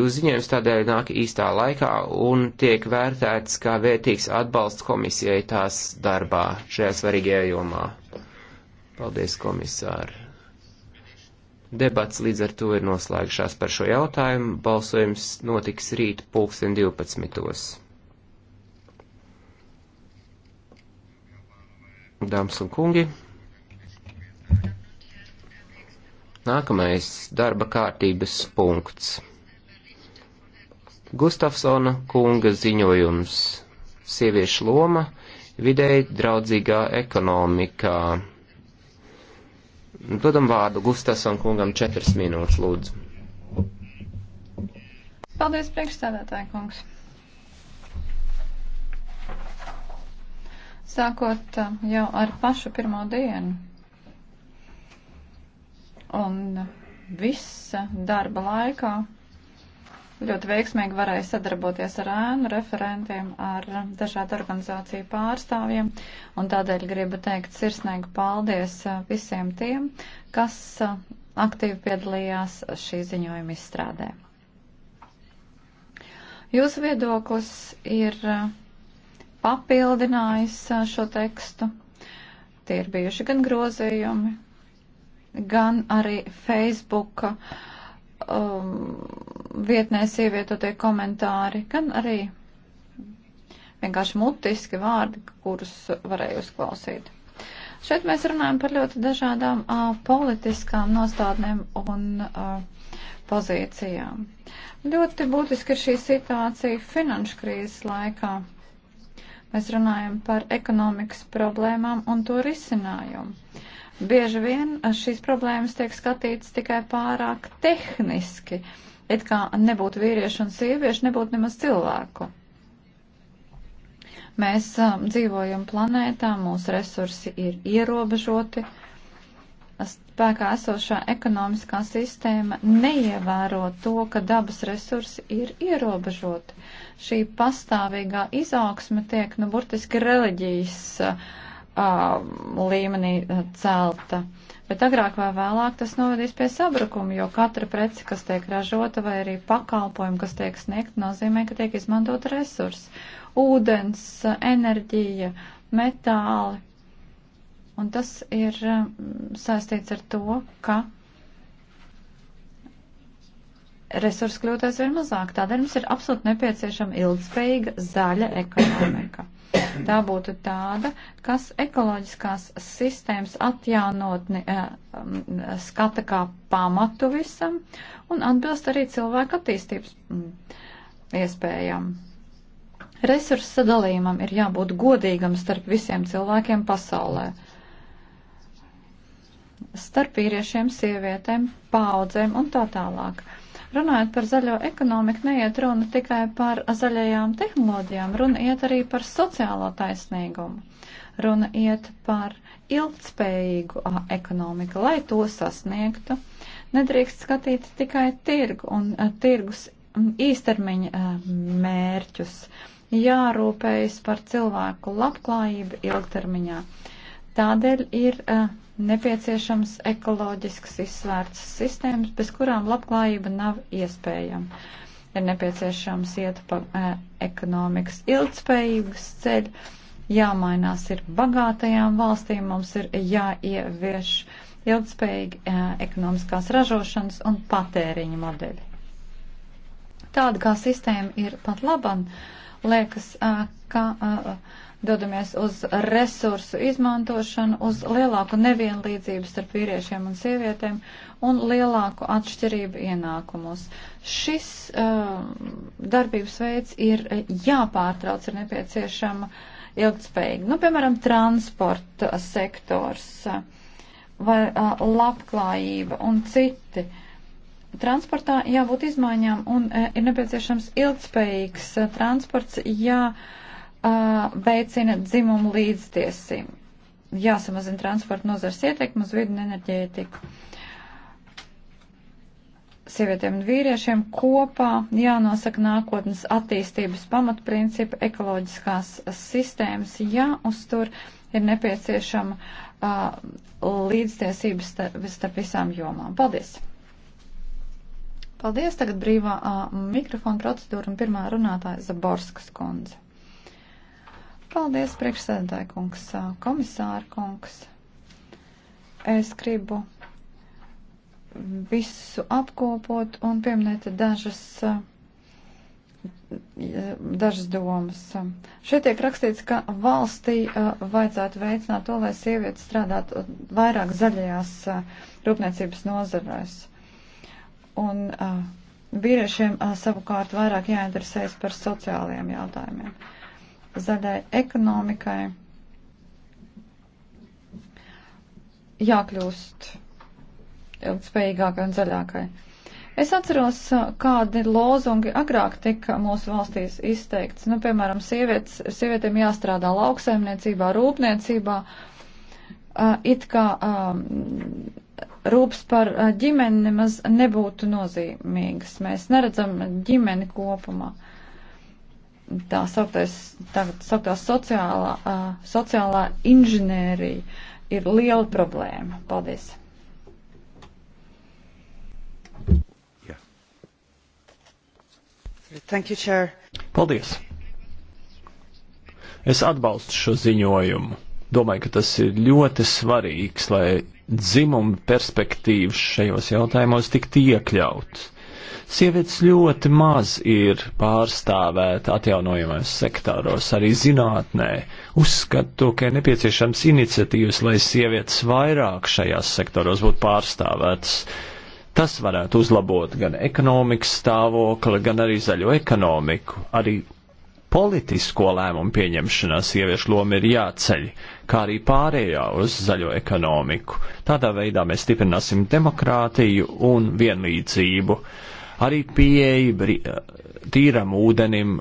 Jūs ziņojums tādēļ nāk īstā laikā un tiek vērtēts kā vērtīgs atbalsts komisijai tās darbā šajā svarīgajā jomā. Paldies, komisāri. Debats līdz ar to ir noslēgšās par šo jautājumu. Balsojums notiks rīt pulksten 12. Dāmas un kungi. Nākamais darba kārtības punkts. Gustafsona kunga ziņojums - sieviešu loma vidēji draudzīgā ekonomikā. Dodam vārdu Gustafsona kungam četras minūtes, lūdzu. Paldies, priekšstādātāji kungs. Sākot um, jau ar pašu pirmo dienu. Un visa darba laikā ļoti veiksmīgi varēja sadarboties ar ēnu referentiem, ar dažādu organizāciju pārstāvjiem, un tādēļ gribu teikt sirsnīgu paldies visiem tiem, kas aktīvi piedalījās šī ziņojuma izstrādē. Jūsu viedoklis ir papildinājis šo tekstu. Tie ir bijuši gan grozījumi, gan arī Facebooka uh, um, vietnēs ievietotie komentāri, gan arī vienkārši mutiski vārdi, kurus varēja uzklausīt. Šeit mēs runājam par ļoti dažādām uh, politiskām nostādnēm un uh, pozīcijām. Ļoti būtiski ir šī situācija finanšu krīzes laikā. Mēs runājam par ekonomikas problēmām un to risinājumu. Bieži vien šīs problēmas tiek skatītas tikai pārāk tehniski, it kā nebūtu vīriešu un sieviešu, nebūtu nemaz cilvēku. Mēs um, dzīvojam planētā, mūsu resursi ir ierobežoti, spēkā esošā ekonomiskā sistēma neievēro to, ka dabas resursi ir ierobežoti. Šī pastāvīgā izaugsme tiek, nu, burtiski reliģijas. Uh, līmenī celta. Bet agrāk vai vēlāk tas novedīs pie sabrukuma, jo katra prece, kas tiek ražota vai arī pakalpojumi, kas tiek sniegt, nozīmē, ka tiek izmantot resursi - ūdens, enerģija, metāli. Un tas ir saistīts ar to, ka resursi kļūtu aizvien mazāk. Tādēļ mums ir absolūti nepieciešama ilgspējīga zaļa ekonomika tā būtu tāda, kas ekoloģiskās sistēmas atjaunotni uh, skata kā pamatu visam un atbilst arī cilvēku attīstības iespējām. Resursu sadalījumam ir jābūt godīgam starp visiem cilvēkiem pasaulē. Starp vīriešiem, sievietēm, paudzēm un tā tālāk. Uh, Runājot par zaļo ekonomiku, neiet runa tikai par zaļajām tehnoloģijām, runa iet arī par sociālo taisnīgumu. Runa iet par ilgtspējīgu ekonomiku, lai to sasniegtu. Nedrīkst skatīt tikai tirgu un a, tirgus īstermiņa a, mērķus. Jārūpējas par cilvēku labklājību ilgtermiņā. Tādēļ ir uh, nepieciešams ekoloģisks izsvērts sistēmas, bez kurām labklājība nav iespējama. Ir nepieciešams iet pa e, ekonomikas ilgspējības ceļu, jāmainās ir bagātajām valstīm, mums ir jāievieš ilgspējīgi e, ekonomiskās ražošanas un patēriņa modeļi. Tāda kā sistēma ir pat laban, liekas, e, ka. E, dodamies uz resursu izmantošanu, uz lielāku nevienlīdzību starp vīriešiem un sievietēm un lielāku atšķirību ienākumus. Šis uh, darbības veids ir jāpārtrauc, ir nepieciešama ilgtspējīga. Nu, piemēram, transporta sektors uh, vai uh, labklājība un citi. Transportā jābūt izmaiņām un uh, ir nepieciešams ilgtspējīgs uh, transports, jā. Ja Uh, veicina dzimumu līdztiesību. Jāsamazina transporta nozars ietekmi uz vidu un enerģētiku. Sievietēm un vīriešiem kopā jānosaka nākotnes attīstības pamatprincipi, ekoloģiskās sistēmas jāuztur, ir nepieciešama uh, līdztiesības starp visām jomām. Paldies! Paldies! Tagad brīvā uh, mikrofona procedūra un pirmā runātāja Zaborskas kundze. Paldies, priekšsēdētāji kungs, komisāra kungs. Es gribu visu apkopot un pieminēt dažas, dažas domas. Šeit tiek rakstīts, ka valstī vajadzētu veicināt to, lai sievietes strādātu vairāk zaļajās rūpniecības nozarēs. Un vīriešiem savukārt vairāk jāinteresējas par sociālajiem jautājumiem zaļai ekonomikai jākļūst ilgspējīgākai un zaļākai. Es atceros, kādi lozungi agrāk tika mūsu valstīs izteikts. Nu, piemēram, sievietes, sievietēm jāstrādā lauksaimniecībā, rūpniecībā, it kā rūps par ģimeni nemaz nebūtu nozīmīgas. Mēs neredzam ģimeni kopumā tā sauktais, tagad sauktā sociālā, uh, sociālā inženērija ir liela problēma. Paldies! Yeah. Thank you, Chair. Paldies! Es atbalstu šo ziņojumu. Domāju, ka tas ir ļoti svarīgs, lai dzimuma perspektīvas šajos jautājumos tiktu iekļauts Sievietes ļoti maz ir pārstāvēta atjaunojamajos sektāros, arī zinātnē. Uzskatu, ka ir nepieciešams iniciatīvas, lai sievietes vairāk šajās sektoros būtu pārstāvētas. Tas varētu uzlabot gan ekonomikas stāvokli, gan arī zaļo ekonomiku, arī politisko lēmumu pieņemšanā sieviešu loma ir jāceļ, kā arī pārējā uz zaļo ekonomiku. Tādā veidā mēs stiprināsim demokrātiju un vienlīdzību. Arī pieeja tīram ūdenim,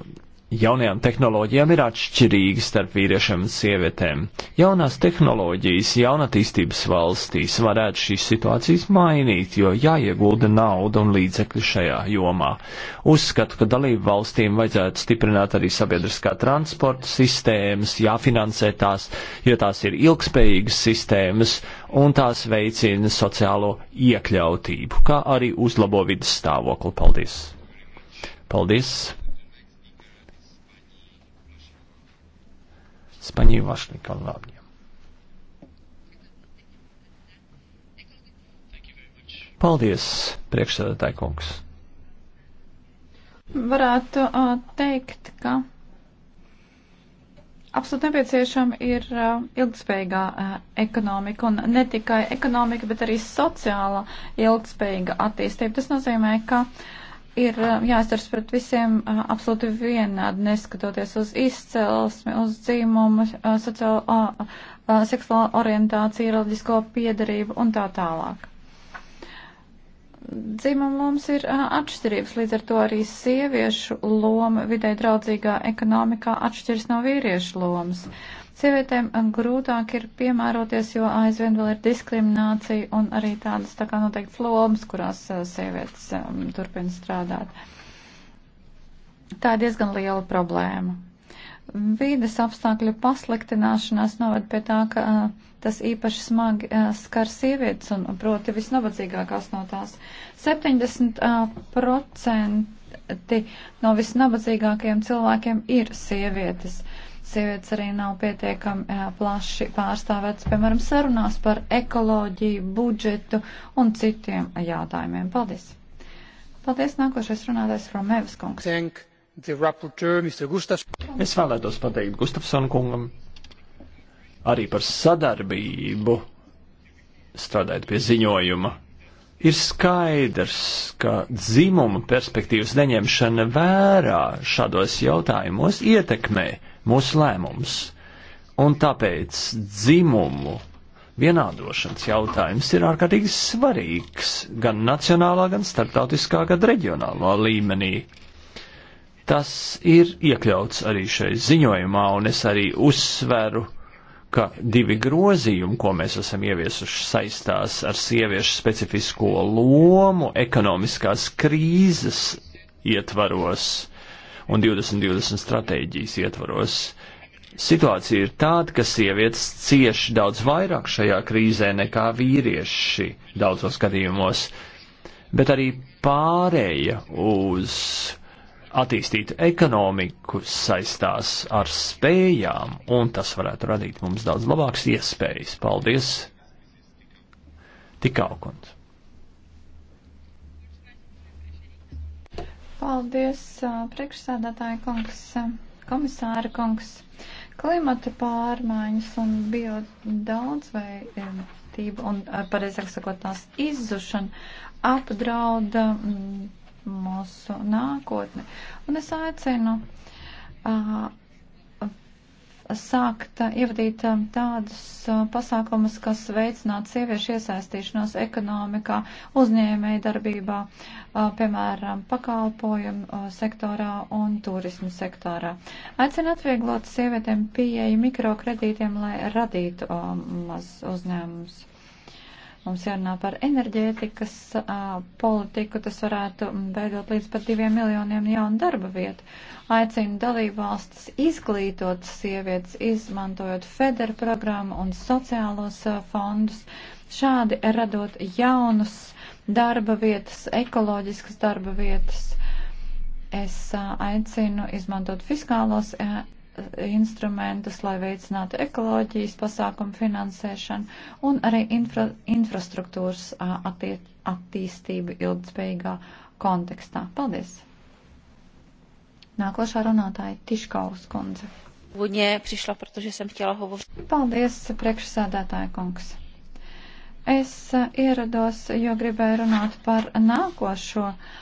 jaunajām tehnoloģijām ir atšķirīgi starp vīriešiem un sievietēm. Jaunās tehnoloģijas jaunatīstības valstīs varētu šīs situācijas mainīt, jo jāiegulda nauda un līdzekļi šajā jomā. Uzskatu, ka dalību valstīm vajadzētu stiprināt arī sabiedriskā transporta sistēmas, jāfinansē tās, jo tās ir ilgspējīgas sistēmas un tās veicina sociālo iekļautību, kā arī uzlabo vidas stāvokli. Paldies! Paldies! z paní Vašly Kalvávně. Paldies, priekšsēdētāji kungs. Varētu uh, teikt, ka absolūti nepieciešama ir uh, ilgspējīgā uh, ekonomika, un ne tikai ekonomika, bet arī sociāla ilgspējīga attīstība. Tas nozīmē, ka uh, ir jāstars pret visiem absolūti vienādi, neskatoties uz izcelsmi, uz dzīmumu, sociālo, seksuālo orientāciju, reliģisko piedarību un tā tālāk. Dzimuma mums ir atšķirības, līdz ar to arī sieviešu loma vidē draudzīgā ekonomikā atšķiras no vīriešu lomas. Uh, Sievietēm um, grūtāk ir piemēroties, jo aizvien vēl ir diskriminācija un arī tādas tā kā noteikts lomas, kurās uh, sievietes um, turpina strādāt. Tā ir diezgan liela problēma. Vīdes apstākļu pasliktināšanās noved pie tā, ka uh, tas īpaši smagi uh, skar sievietes un proti visnabadzīgākās no tās. 70% uh, no visnabadzīgākajiem cilvēkiem ir sievietes. Uh, sievietes arī nav pietiekami plaši pārstāvētas, piemēram, sarunās par ekoloģiju, budžetu un citiem jautājumiem. Paldies! Paldies, nākošais runātājs Romēvis kungs. Es vēlētos pateikt Gustafson kungam arī par sadarbību strādājot pie ziņojuma. Ir skaidrs, ka dzimuma perspektīvas neņemšana vērā šādos jautājumos ietekmē uh, mūsu lēmumus. Un tāpēc dzimumu vienādošanas jautājums ir ārkārtīgi svarīgs gan nacionālā, gan starptautiskā, gan reģionālā līmenī. Tas ir iekļauts arī šai ziņojumā, un es arī uzsveru, ka divi grozījumi, ko mēs esam ieviesuši, saistās ar sieviešu specifisko lomu ekonomiskās krīzes ietvaros un 2020 stratēģijas ietvaros. Situācija ir tāda, ka sievietes cieši daudz vairāk šajā krīzē nekā vīrieši daudzos gadījumos, bet arī pārēja uz attīstītu ekonomiku saistās ar spējām, un tas varētu radīt mums daudz labākas iespējas. Paldies! Tik augums! Paldies, priekšsēdētāja kungs, komisāra kungs. Klimata pārmaiņas un bio daudzveidība un, pareizāk sakot, tās izzušana apdrauda mūsu nākotni. Un es aicinu uh, sākt eh, ievadīt eh, tādus eh, pasākumus, kas veicinātu sieviešu iesaistīšanos ekonomikā, uzņēmēja darbībā, piemēram, pakalpojumu sektorā un turismu sektorā. Aicina atvieglot sievietēm pieeja mikrokredītiem, lai radītu maz uzņēmumus. Mums jārunā par enerģētikas politiku, tas varētu veidot līdz pat diviem miljoniem jaunu darba vietu. Aicinu dalībvalstis izglītot sievietes, izmantojot federa programmu un sociālos fondus, šādi radot jaunus darba vietas, ekoloģiskas darba vietas. Es aicinu izmantot fiskālos instrumentus, lai veicinātu ekoloģijas pasākumu finansēšanu un arī infra, infrastruktūras attie, attīstību ilgspējīgā kontekstā. Paldies! Nākošā runātāja Tiškaus kundze. Viņa prišla, protože sem ķela hovoru. Paldies, priekšsēdētāja kungs. Es ierados, jo gribēju runāt par nākošo. Uh,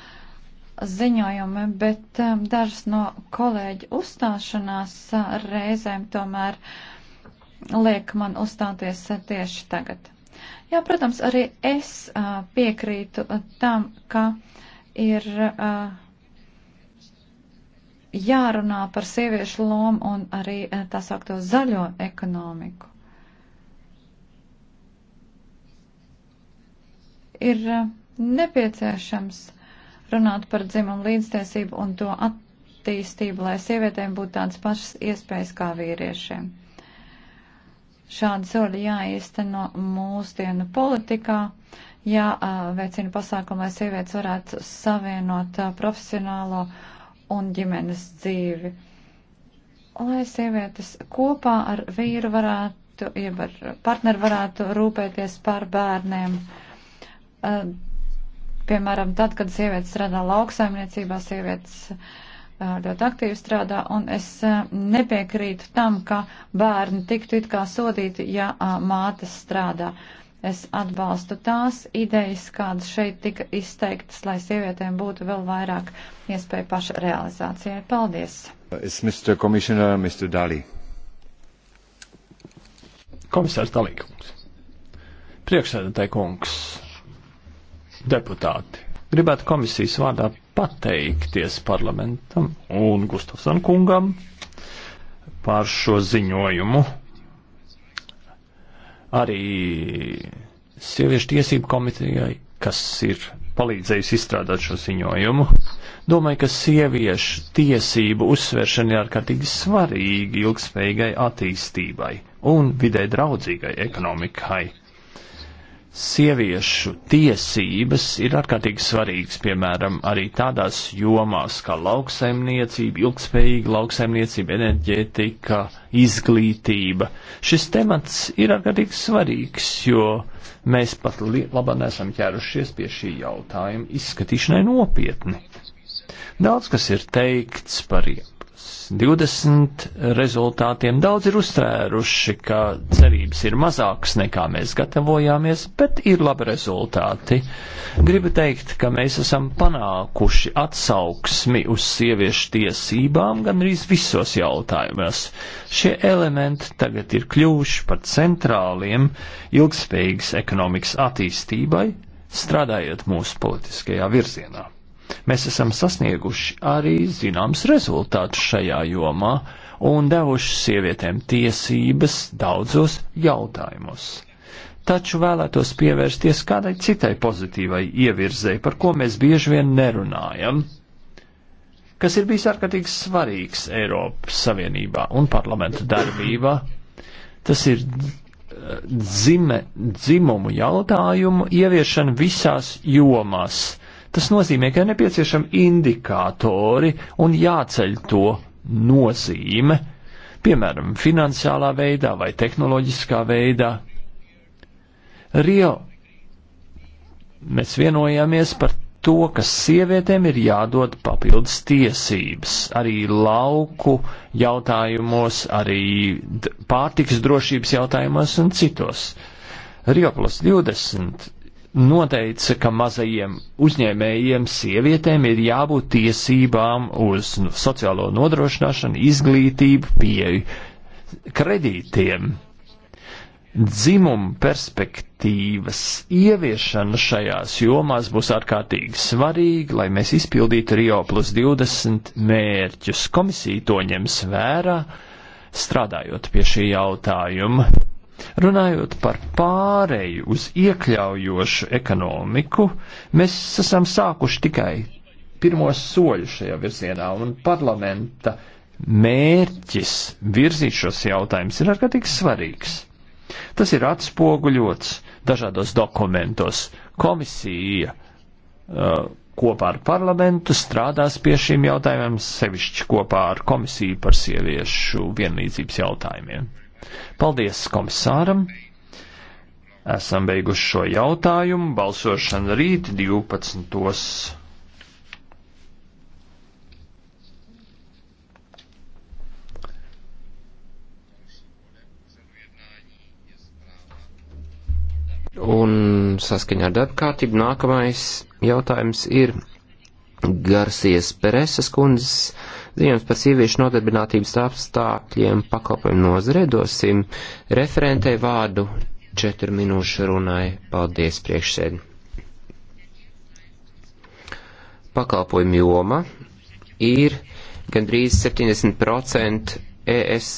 ziņojumi, bet um, dažas no kolēģi uzstāšanās uh, reizēm tomēr liek man uzstāties uh, tieši tagad. Jā, protams, arī es uh, piekrītu tam, ka ir jārunā par sieviešu lomu un arī tā saukto zaļo ekonomiku. Ir nepieciešams runāt par dzimumu līdztiesību un to attīstību, lai sievietēm būtu tādas pašas iespējas kā vīriešiem. Šādi soļi jāīsteno mūsdienu politikā, jāveicina pasākumu, lai sievietes varētu savienot uh, profesionālo un ģimenes dzīvi. Lai sievietes kopā ar vīru varētu, jeb ar partneri varētu rūpēties par bērniem uh, Piemēram, tad, kad sievietes strādā lauksaimniecībā, sievietes ļoti aktīvi strādā, un es nepiekrītu tam, ka bērni tiktu it kā sodīti, ja mātes strādā. Es atbalstu tās idejas, kādas šeit tika izteiktas, lai sievietēm būtu vēl vairāk iespēja paša realizācijai. Paldies! Es Mr. Commissioner, Mr. Dali. Komisārs Dalīkungs. Priekšsēdētāji kungs deputāti! Gribētu komisijas vārdā pateikties parlamentam un Gustafsson kungam par šo ziņojumu. Arī sieviešu tiesību komitejai, kas ir palīdzējusi izstrādāt šo ziņojumu. Domāju, ka sieviešu tiesību uzsveršana ir ārkārtīgi svarīga ilgspējīgai attīstībai un vidē draudzīgai ekonomikai sieviešu tiesības ir ārkārtīgi svarīgas, piemēram, arī tādās jomās kā lauksaimniecība, ilgspējīga lauksaimniecība, enerģētika, izglītība. Šis temats ir ārkārtīgi svarīgs, jo mēs pat labāk nesam ķērušies pie šī jautājuma izskatīšanai nopietni. Daudz kas ir teikts par 20 rezultātiem daudz ir uztvēruši, ka cerības ir mazākas nekā mēs gatavojāmies, bet ir labi rezultāti. Gribu teikt, ka mēs esam panākuši atsauksmi uz sieviešu tiesībām gandrīz visos jautājumos. Šie elementi tagad ir kļuvuši par centrāliem ilgspējīgas ekonomikas attīstībai, strādājot mūsu politiskajā virzienā. Mēs esam sasnieguši arī zināms rezultātus šajā jomā un devuši sievietēm tiesības daudzos jautājumos. Taču vēlētos pievērsties kādai citai pozitīvai ievirzei, par ko mēs bieži vien nerunājam, kas ir bijis ārkārtīgi svarīgs Eiropas Savienībā un parlamentu darbībā. Tas ir eh, dzime, dzimumu jautājumu ieviešana visās jomās Tas nozīmē, ka ir nepieciešami indikātori un jāceļ to nozīme, piemēram, finansiālā veidā vai tehnoloģiskā veidā. Rio mēs vienojāmies par to, ka sievietēm ir jādod papildus tiesības arī lauku jautājumos, arī pārtiks drošības jautājumos un citos. Rio plus 20 noteica, ka mazajiem uzņēmējiem sievietēm ir jābūt tiesībām uz sociālo nodrošināšanu, izglītību, pieeju kredītiem. Dzimuma perspektīvas ieviešana šajās jomās būs ārkārtīgi svarīga, lai mēs izpildītu Rio plus 20 mērķus. Komisija to ņems vērā, strādājot pie šī jautājuma. Runājot par pāreju uz iekļaujošu ekonomiku, mēs esam sākuši tikai pirmos soļus šajā virzienā, un parlamenta mērķis virzīt šos jautājumus ir ārkārtīgi svarīgs. Tas ir atspoguļots dažādos dokumentos. Komisija uh, kopā ar parlamentu strādās pie šiem jautājumiem, sevišķi kopā ar komisiju par sieviešu vienlīdzības jautājumiem. Paldies komisāram! Esam beiguši šo jautājumu. Balsošana rīt 12. Un saskaņā ar darba kārtību nākamais jautājums ir Garsies Pereses kundzes ziņojums par sieviešu nodarbinātības apstākļiem pakalpojumu nozarē dosim referentei vārdu četru minūšu runai. Paldies priekšsēdi. Pakalpojumu joma ir gandrīz 70% ES